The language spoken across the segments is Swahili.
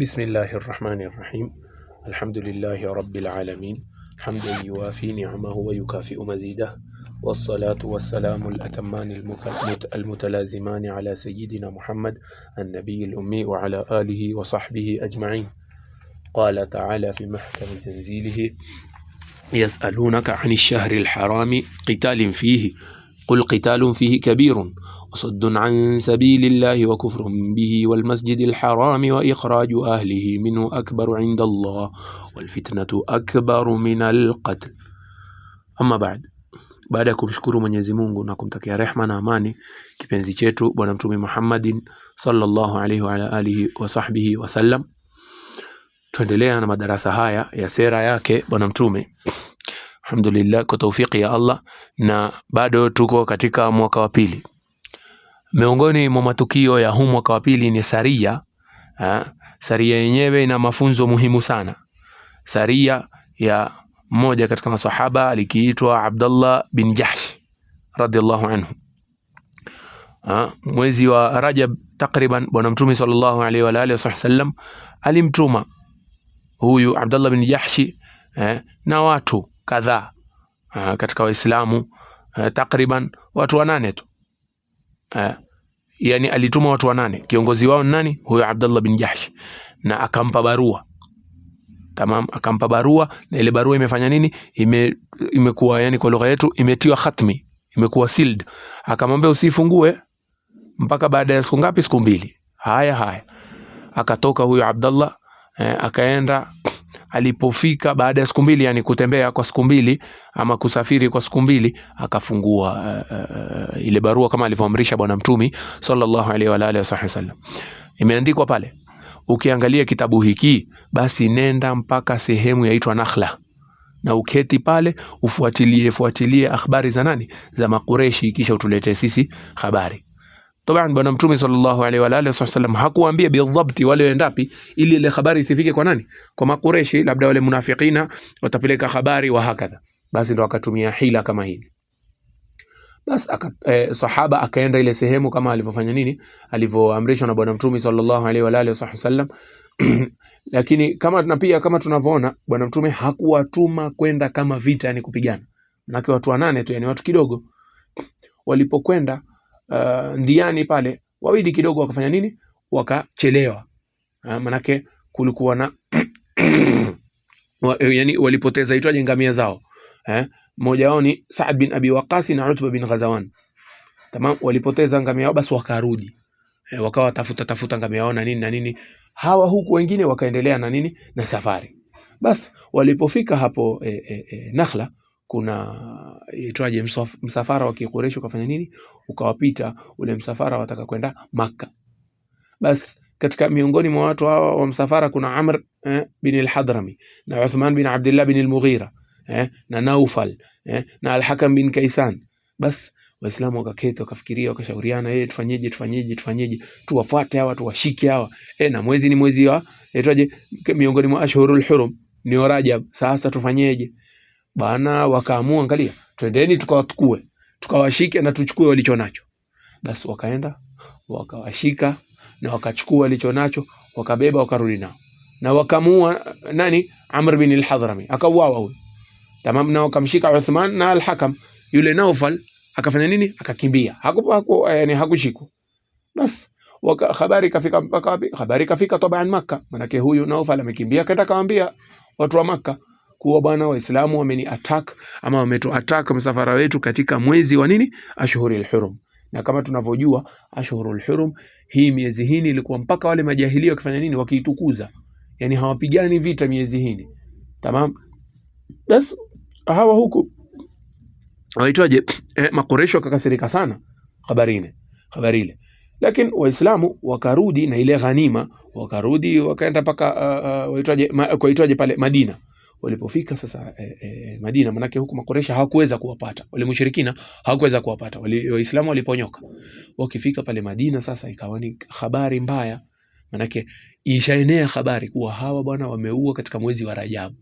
بسم الله الرحمن الرحيم الحمد لله رب العالمين حمدا يوافي نعمه ويكافئ مزيده والصلاة والسلام الأتمان المتلازمان على سيدنا محمد النبي الأمي وعلى آله وصحبه أجمعين قال تعالى في محكم تنزيله يسألونك عن الشهر الحرام قتال فيه قل قتال فيه كبير وصد عن سبيل الله وكفر به والمسجد الحرام وإخراج أهله منه أكبر عند الله والفتنة أكبر من القتل أما بعد بعد كمشكور من يزمون ناكم تكيا رحمة ناماني كبنزي تشيتو بنامتومي محمد صلى الله عليه وعلى آله وصحبه وسلم تندليا نما درس هايا يا سيرا ياكي بنامتومي alhamdulillah kwa taufiki ya Allah, na bado tuko katika mwaka wa pili. Miongoni mwa matukio ya huu mwaka wa pili ni saria ha. Saria yenyewe ina mafunzo muhimu sana. Saria ya mmoja katika masahaba alikiitwa Abdullah bin Jahsh radhiallahu anhu. Ha, mwezi wa Rajab takriban Bwana Mtume sallallahu alaihi wa alihi wasallam alimtuma huyu Abdullah bin Jahshi eh, na watu kadhaa uh, katika Waislamu uh, takriban watu wanane tu uh, yani alituma watu wanane. Kiongozi wao nani? Huyo Abdullah bin Jahsh, na akampa barua Tamam, akampa barua na ile barua imefanya nini? Ime, imekuwa yani kwa lugha yetu imetiwa khatmi, imekuwa sealed. Akamwambia usifungue mpaka baada ya siku ngapi? Siku mbili. Haya haya, akatoka huyo Abdallah eh, akaenda alipofika baada ya siku mbili, yani kutembea kwa siku mbili ama kusafiri kwa siku mbili, akafungua uh, uh, ile barua kama alivyoamrisha Bwana Mtumi sallallahu alaihi wa alihi wasallam. Imeandikwa pale, ukiangalia kitabu hiki basi nenda mpaka sehemu yaitwa Nakhla na uketi pale ufuatilie fuatilie akhbari za nani za Makureshi, kisha utuletee sisi habari. Taban, bwana mtume sallallahu alaihi wa alihi wasallam hakuwaambia bidhabti wale waendapi, ili ile habari isifike kwa nani? Kwa makureshi, labda wale munafikina watapeleka habari wa hakadha. Basi ndo akatumia hila kama hii. Bas aka, eh, sahaba akaenda ile sehemu kama alivyofanya nini, alivyoamrishwa na bwana mtume sallallahu alaihi wa alihi wasallam lakini kama na pia kama tunavyoona bwana mtume hakuwatuma kwenda kama vita, yani kupigana, manake watu wanane tu, yani watu kidogo. Walipokwenda uh, ndiani pale wawili kidogo wakafanya nini, wakachelewa. Uh, manake kulikuwa na eh, yani walipoteza itwaje ngamia zao eh? Mmoja wao ni Saad bin Abi Waqas na Utba bin Ghazawan, tamam, walipoteza ngamia wao, basi wakarudi eh, wakawa tafuta tafuta ngamia wao na nini na nini hawa, huku wengine wakaendelea na nini na safari. basi walipofika hapo eh, eh, eh, Nakhla kuna itwaje, msafara wa Kikureshi ukafanya nini, ukawapita ule msafara, wataka kwenda Makka. Basi katika miongoni mwa watu hawa wa msafara kuna Amr eh, bin al-Hadrami na Uthman bin Abdullah bin al-Mughira eh, na Naufal eh, na al-Hakam bin Kaisan. Basi Waislamu wakaketi wakafikiria, wakashauriana, eh, tufanyeje, tufanyeje, tufanyeje, tuwafuate hawa, tuwashike hawa eh, na mwezi ni mwezi wa itwaje, miongoni mwa ashhurul hurum ni Rajab. Sasa tufanyeje? bana, wakaamua, angalia, twendeni tukawachukue, tukawashike na tuchukue walicho nacho. Basi wakaenda wakawashika na wakachukua walicho nacho, wakabeba wakarudi nao, na wakamua nani? Amr bin al-Hadrami akauawa huyo, tamam. Na wakamshika Uthman na al-Hakam yule Naufal akafanya nini? Akakimbia, hakupo hako, yani hakushikwa. Bas waka, habari kafika mpaka wapi? Habari kafika tabaan Makka, manake huyu Naufal amekimbia, kaenda kawaambia watu wa Makka kuwa bwana, Waislamu wameni attack ama wametu attack msafara wetu katika mwezi wa nini, ashhurul hurum. Na kama tunavyojua ashhurul hurum, hii miezi hii ilikuwa mpaka wale majahili wakifanya nini, wakiitukuza, yani hawapigani vita miezi hii. Tamam, bas hawa huku waitwaje, eh, makoresho wakakasirika sana habari ile habari ile lakini Waislamu wakarudi na ile ghanima, wakarudi wakaenda paka uh, uh, waitwaje ma, pale Madina walipofika sasa e, e, Madina, manake huku makoresha hawakuweza kuwapata wale mushirikina, hawakuweza kuwapata Waislamu, waliponyoka wakifika pale Madina. Sasa ikawa ni habari mbaya, manake ishaenea habari kuwa hawa bwana wameua katika mwezi wa Rajabu,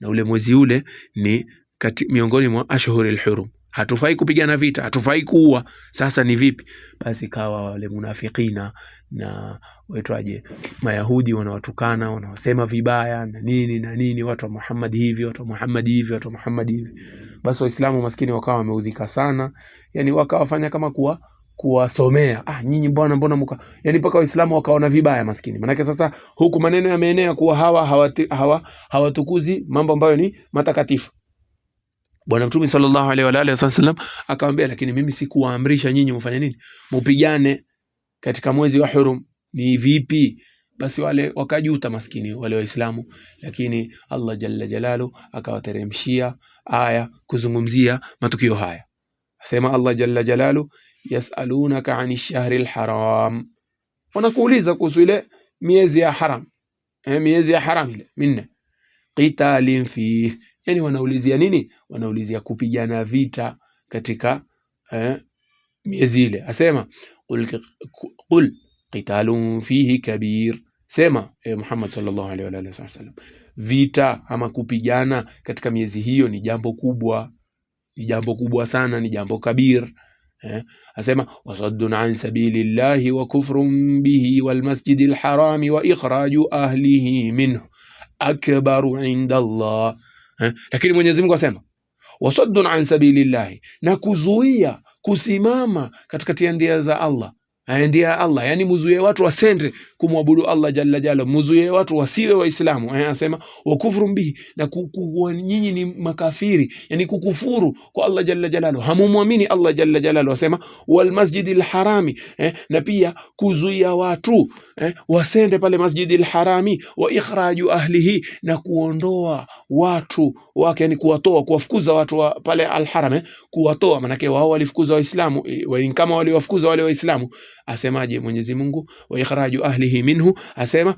na ule mwezi ule ni kati, miongoni mwa ashhuril hurum hatufai kupigana vita, hatufai kuua. Sasa ni vipi basi? Kawa wale munafikina na waitwaje, Mayahudi wanawatukana wanawasema vibaya na nini na nini, watu wa Muhammad hivi, watu wa Muhammad hivi, watu wa Muhammad hivi. Basi Waislamu maskini wakawa wameudhika sana, yani wakawafanya kama kuwa kuwasomea ah, nyinyi mbona mbona mka, yani mpaka Waislamu wakaona vibaya maskini. manake sasa huku maneno yameenea kuwa hawa hawatukuzi hawa, hawa mambo ambayo ni matakatifu Bwana Mtume sallallahu alaihi wa alihi wasallam akamwambia, lakini mimi sikuwaamrisha nyinyi mfanye nini? Mupigane katika mwezi wa Hurum. Ni vipi? Basi wale wakajuta, maskini wale Waislamu, lakini Allah jalla jalalu akawateremshia aya kuzungumzia matukio haya. Asema Allah jalla jalalu, yasalunaka ani shahri lharam, wanakuuliza kuhusu ile miezi ya haram, eh, miezi ya haram ile minne qitalin fihi yani wanaulizia nini? Wanaulizia kupigana vita katika eh, miezi ile. Asema qul qitalun fihi kabir, sema eh, Muhammad sallallahu alaihi wa alihi wasallam, vita ama kupigana katika miezi hiyo ni jambo kubwa, ni jambo kubwa sana, ni jambo kabir Eh, asema wasaddun an sabili llahi wa kufrun bihi walmasjidi lharami wa ikhraju ahlihi minhu akbaru inda Allah Eh? Lakini Mwenyezi Mungu asema wasaddun an sabilillahi, na kuzuia kusimama katikati ya za Allah aendea Allah, yani muzuie watu wasende kumwabudu Allah jalla jalla, muzuie watu wasiwe Waislamu. Eh, asema wa kufuru bihi, na kuwa nyinyi ni makafiri, yani kukufuru kwa Allah jalla jalalu, hamumwamini Allah jalla jalalu. Asema wal masjidil harami, eh, na pia kuzuia watu eh, wasende pale masjidil harami, wa ikhraju ahlihi, na kuondoa watu wake, yani kuwatoa, kuwafukuza watu wa pale al haram eh, kuwatoa, manake wao walifukuza Waislamu, eh, wa kama waliwafukuza wale Waislamu asemaje Mwenyezi Mungu, wa ikhraju ahlihi minhu, asema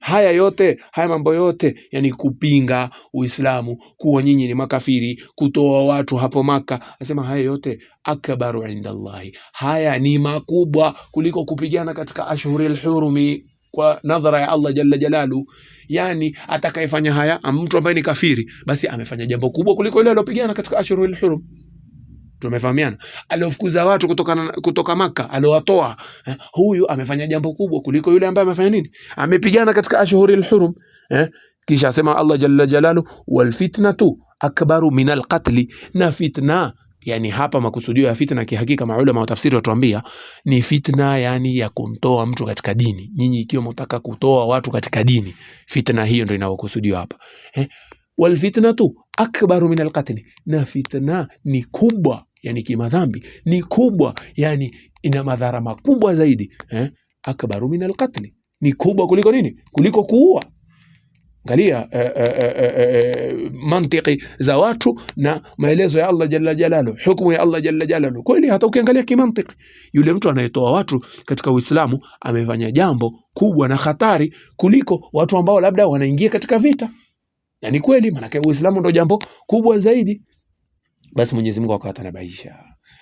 haya yote haya mambo yote yani kupinga Uislamu, kuwa nyinyi ni makafiri, kutoa watu hapo Maka, asema haya yote akbaru inda Allahi, haya ni makubwa kuliko kupigana katika ashhuril hurumi kwa nadhara ya Allah jalla jalalu. Yani atakayefanya haya mtu ambaye ni kafiri, basi amefanya jambo kubwa kuliko ile aliyopigana katika ashhuril hurum tumefahamiana aliofukuza watu kutoka, kutoka Maka aliowatoa eh, huyu amefanya jambo kubwa kuliko yule ambaye amefanya nini, amepigana katika ashhuri hurum eh, kisha asema Allah jalla jalalu, wal fitnatu akbaru min alqatli, na fitna yani hapa makusudio ya fitna kihakika, maulama wa tafsiri watuambia ni fitna yani ya kumtoa mtu katika dini. Nyinyi ikiwa mtaka kutoa watu katika dini, fitna hiyo ndio inayokusudiwa hapa eh, wal fitnatu akbaru min alqatli, na fitna ni kubwa, yani kimadhambi ni kubwa, yani ina madhara makubwa zaidi eh? akbaru min alqatli, ni kubwa kuliko nini? Kuliko kuua. Angalia eh eh eh, eh, eh, eh, mantiki za watu na maelezo ya Allah jalla jalalu, hukumu ya Allah jalla jalalu. Kweli hata ukiangalia kimantiki, yule mtu anayetoa watu katika Uislamu amefanya jambo kubwa na hatari kuliko watu ambao labda wanaingia katika vita na ni kweli, maanake Uislamu ndo jambo kubwa zaidi. Basi Mwenyezi Mungu akawatanabaisha,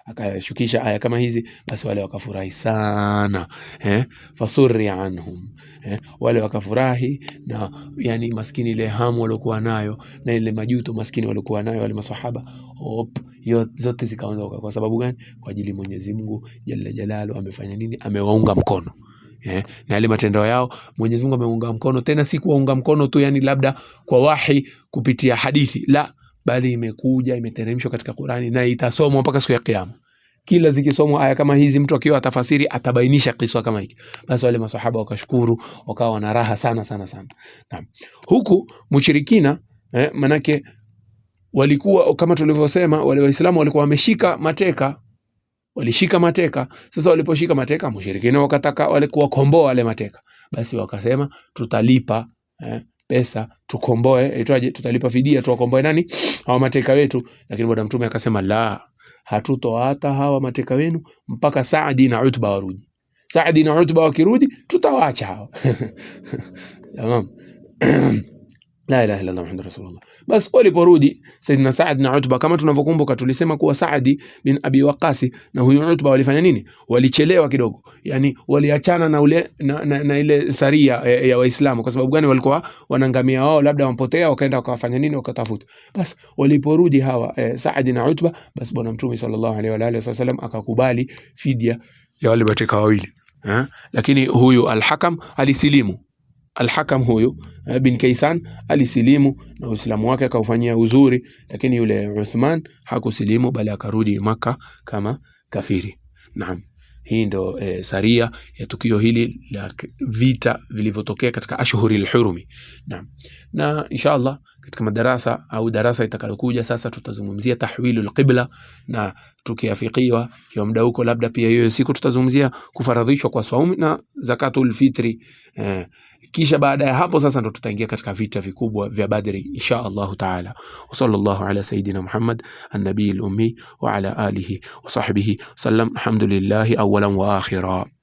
akashukisha aya kama hizi, basi wale wakafurahi sana eh, fasuri anhum eh, wale wakafurahi na yani maskini, ile hamu waliokuwa nayo na ile majuto maskini waliokuwa nayo wale maswahaba hop, zote zikaondoka. Kwa sababu gani? Kwa ajili Mwenyezi Mungu jalla jalalu amefanya nini? Amewaunga mkono eh, na yale matendo yao Mwenyezi Mungu ameunga mkono, tena si kuwaunga mkono tu, yani labda kwa wahi kupitia hadithi, la bali imekuja imeteremshwa katika Qur'ani na itasomwa mpaka siku ya kiyama. Kila zikisomwa aya kama hizi, mtu akiwa atafasiri atabainisha kisa kama hiki, basi wale maswahaba wakashukuru, wakawa wana raha sana sana sana. Naam, huku mushirikina eh, manake walikuwa kama tulivyosema, wale Waislamu walikuwa wameshika mateka walishika mateka. Sasa waliposhika mateka, mushirikina wakataka wale kuwakomboa wale mateka, basi wakasema tutalipa eh, pesa tukomboe, itwaje, tutalipa fidia tuwakomboe nani hawa mateka wetu. Lakini bwana Mtume akasema la, hatutoa hata hawa mateka wenu mpaka Saadi na Utba warudi. Saadi na Utba wakirudi, tutawaacha hawa tamam La ilaha illa Allah Muhammadur rasulullah. Basi waliporudi Saidina Saad na Utba, kama tunavyokumbuka, tulisema kuwa Saadi bin Abi Waqasi na huyu Utba walifanya nini? Walichelewa kidogo, yani waliachana na, ule, na, na, na ile saria ya, e, e, ya Waislamu. Kwa sababu gani? Walikuwa wanangamia wao, labda wampotea, wakaenda wakafanya nini, wakatafuta. Basi waliporudi hawa eh, Saadi na Utba, bas Bwana Mtume sallallahu alaihi wa alihi wasallam akakubali fidia ya wale mateka wawili ha? Eh? Lakini huyu Alhakam alisilimu Alhakam huyu eh, bin Kaisan alisilimu na Uislamu wake akaufanyia uzuri, lakini yule Uthman hakusilimu bali akarudi Maka kama kafiri. Naam, hii ndo e, eh, saria ya tukio hili la vita vilivyotokea katika ashhuril hurumi. Naam, na inshaallah katika madarasa au darasa itakayokuja sasa tutazungumzia tahwilu alqibla na tukiafikiwa kwa muda huko, labda pia hiyo siku tutazungumzia kufaradhishwa kwa saumu na zakatul fitri eh. Kisha baada ya hapo sasa ndo tutaingia katika vita vikubwa vya Badri insha Allah taala. wa sallallahu ala sayidina Muhammad an al ummi wa ala alihi wa sahbihi sallam. Alhamdulillah awwalan wa akhiran